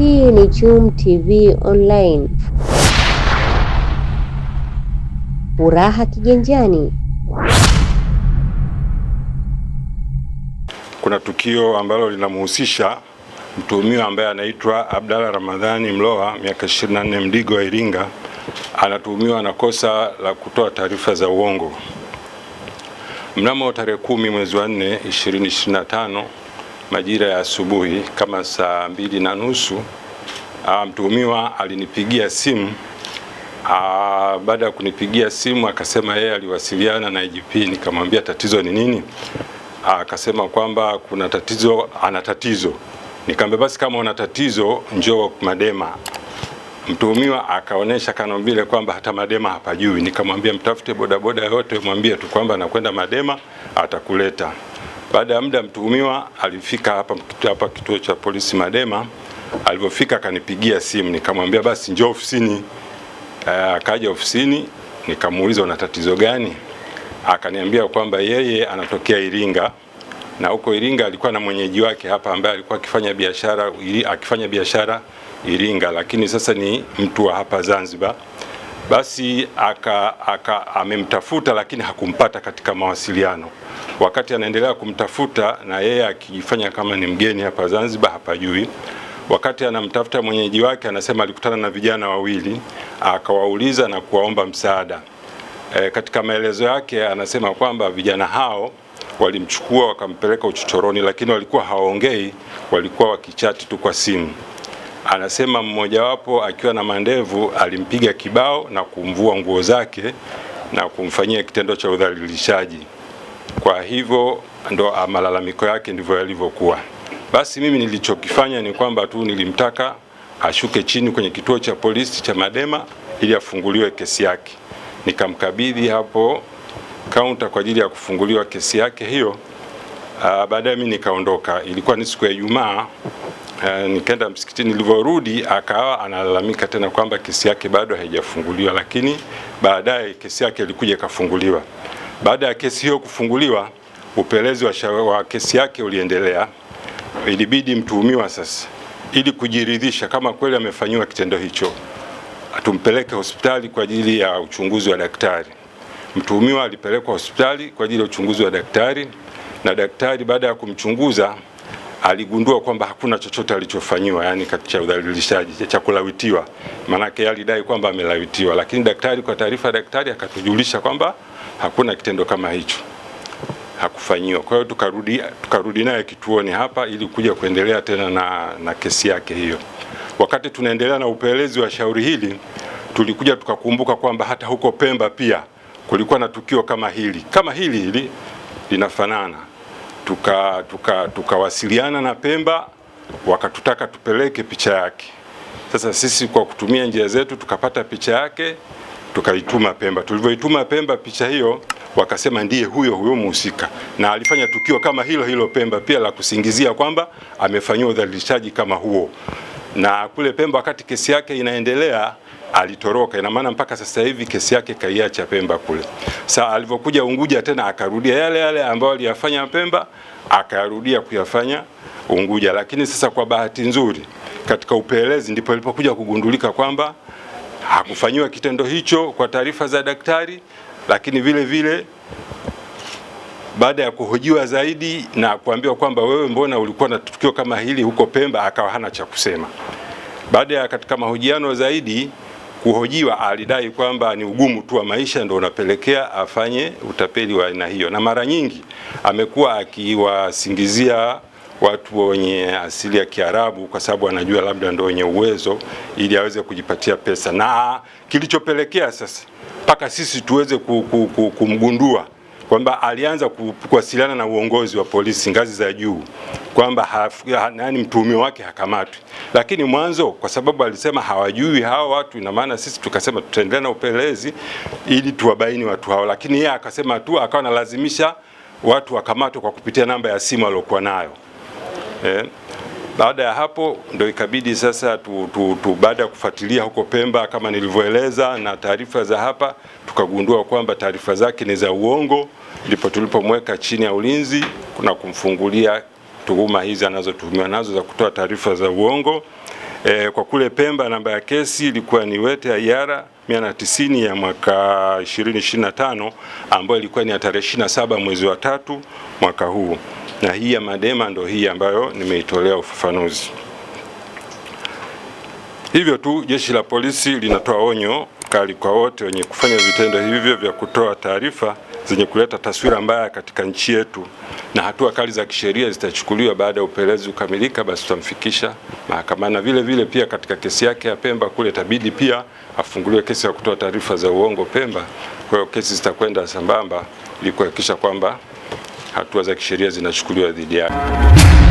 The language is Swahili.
Hii ni Chum TV Online. Furaha kiganjani. Kuna tukio ambalo linamhusisha mtuhumiwa ambaye anaitwa Abdalla Ramadhani mloa miaka 24, Mdigo wa Iringa. Anatuhumiwa na kosa la kutoa taarifa za uongo. Mnamo tarehe kumi mwezi wa 4 2025 majira ya asubuhi kama saa mbili na nusu ah, mtuhumiwa alinipigia simu. Ah, baada ya kunipigia simu, akasema yeye aliwasiliana na IGP. Nikamwambia tatizo ni nini? Ah, akasema kwamba kuna tatizo, ana tatizo. Nikamwambia basi, kama una tatizo njoo Madema. Mtuhumiwa akaonyesha kana vile kwamba hata Madema hapajui. Nikamwambia mtafute bodaboda yote, mwambie tu kwamba nakwenda Madema, atakuleta. Baada ya muda, mtuhumiwa alifika hapa, hapa kituo cha polisi Madema. Alivyofika akanipigia simu, nikamwambia basi njoo ofisini. Eh, akaja ofisini, nikamuuliza una tatizo gani? Akaniambia kwamba yeye anatokea Iringa na huko Iringa alikuwa na mwenyeji wake hapa ambaye alikuwa akifanya biashara akifanya biashara Iringa, lakini sasa ni mtu wa hapa Zanzibar basi aka, aka, amemtafuta lakini hakumpata katika mawasiliano. Wakati anaendelea kumtafuta na yeye akijifanya kama ni mgeni hapa Zanzibar, hapajui. Wakati anamtafuta mwenyeji wake anasema alikutana na vijana wawili akawauliza na kuwaomba msaada. E, katika maelezo yake anasema kwamba vijana hao walimchukua wakampeleka uchochoroni, lakini walikuwa hawaongei, walikuwa wakichati tu kwa simu. Anasema mmojawapo akiwa na mandevu alimpiga kibao na kumvua nguo zake na kumfanyia kitendo cha udhalilishaji. Kwa hivyo ndo ah, malalamiko yake ndivyo yalivyokuwa. Basi mimi nilichokifanya ni kwamba tu nilimtaka ashuke chini kwenye kituo cha polisi cha Madema ili afunguliwe kesi yake. Nikamkabidhi hapo kaunta kwa ajili ya kufunguliwa kesi yake hiyo. Ah, baadaye mimi nikaondoka. Ilikuwa ni siku ya Ijumaa Eh, nikaenda msikitini, nilivyorudi akawa analalamika tena kwamba kesi yake bado haijafunguliwa, lakini baadaye kesi yake ilikuja ikafunguliwa. Baada ya kesi hiyo kufunguliwa, upelezi wa, wa kesi yake uliendelea. Ilibidi mtuhumiwa sasa, ili kujiridhisha kama kweli amefanyiwa kitendo hicho, tumpeleke hospitali kwa ajili ya uchunguzi wa daktari. Mtuhumiwa alipelekwa hospitali kwa ajili ya uchunguzi wa daktari, na daktari baada ya kumchunguza aligundua kwamba hakuna chochote alichofanyiwa, yani cha udhalilishaji cha kulawitiwa, maanake alidai kwamba amelawitiwa, lakini daktari, kwa taarifa ya daktari, akatujulisha kwamba hakuna kitendo kama hicho, hakufanyiwa. Kwa hiyo tukarudi, tukarudi naye kituoni hapa ili kuja kuendelea tena na, na kesi yake hiyo. Wakati tunaendelea na upelelezi wa shauri hili, tulikuja tukakumbuka kwamba hata huko Pemba pia kulikuwa na tukio kama hili kama hili hili linafanana tukawasiliana tuka, tuka na Pemba wakatutaka tupeleke picha yake. Sasa sisi kwa kutumia njia zetu tukapata picha yake tukaituma Pemba. Tulivyoituma Pemba picha hiyo, wakasema ndiye huyo huyo mhusika, na alifanya tukio kama hilo hilo Pemba pia la kusingizia kwamba amefanyiwa udhalilishaji kama huo, na kule Pemba wakati kesi yake inaendelea alitoroka, ina maana mpaka sasa hivi kesi yake kaiacha Pemba kule. Sasa alivyokuja Unguja tena akarudia yale yale ambayo aliyafanya Pemba, akayarudia kuyafanya Unguja. Lakini sasa kwa bahati nzuri, katika upelelezi ndipo ilipokuja kugundulika kwamba hakufanyiwa kitendo hicho kwa taarifa za daktari, lakini vile vile baada ya kuhojiwa zaidi na kuambiwa kwamba wewe, mbona ulikuwa na tukio kama hili huko Pemba, akawa hana cha kusema. Baada ya katika mahojiano zaidi kuhojiwa alidai kwamba ni ugumu tu wa maisha ndio unapelekea afanye utapeli wa aina hiyo, na mara nyingi amekuwa akiwasingizia watu wenye asili ya Kiarabu kwa sababu anajua labda ndio wenye uwezo ili aweze kujipatia pesa, na kilichopelekea sasa mpaka sisi tuweze kumgundua kwamba alianza kuwasiliana na uongozi wa polisi ngazi za juu kwamba nani mtuhumiwa wake hakamatwi, lakini mwanzo kwa sababu alisema hawajui hao watu, ina maana sisi tukasema tutaendelea na upelelezi ili tuwabaini watu hao, lakini yeye akasema tu, akawa analazimisha watu wakamatwe kwa kupitia namba ya simu aliyokuwa nayo eh. Baada ya hapo ndio ikabidi sasa tu, tu, tu baada ya kufuatilia huko Pemba kama nilivyoeleza na taarifa za hapa, tukagundua kwamba taarifa zake ni za uongo, ndipo tulipomweka chini ya ulinzi na kumfungulia tuhuma hizi anazotuhumiwa nazo za kutoa taarifa za uongo. E, kwa kule Pemba namba ya kesi ilikuwa ni Wete ya Aiara 190 ya mwaka 2025 ambayo ilikuwa ni ya tarehe 27 mwezi wa tatu mwaka huu, na hii ya Madema ndo hii ambayo nimeitolea ufafanuzi. Hivyo tu jeshi la polisi linatoa onyo kali kwa wote wenye kufanya vitendo hivyo vya kutoa taarifa zenye kuleta taswira mbaya katika nchi yetu, na hatua kali za kisheria zitachukuliwa baada ya upelelezi kukamilika, basi tutamfikisha mahakamani. Na vile vile pia katika kesi yake ya Pemba kule tabidi pia afunguliwe kesi ya kutoa taarifa za uongo Pemba. Kwa hiyo kesi zitakwenda sambamba ili kuhakikisha kwamba hatua za kisheria zinachukuliwa dhidi yake.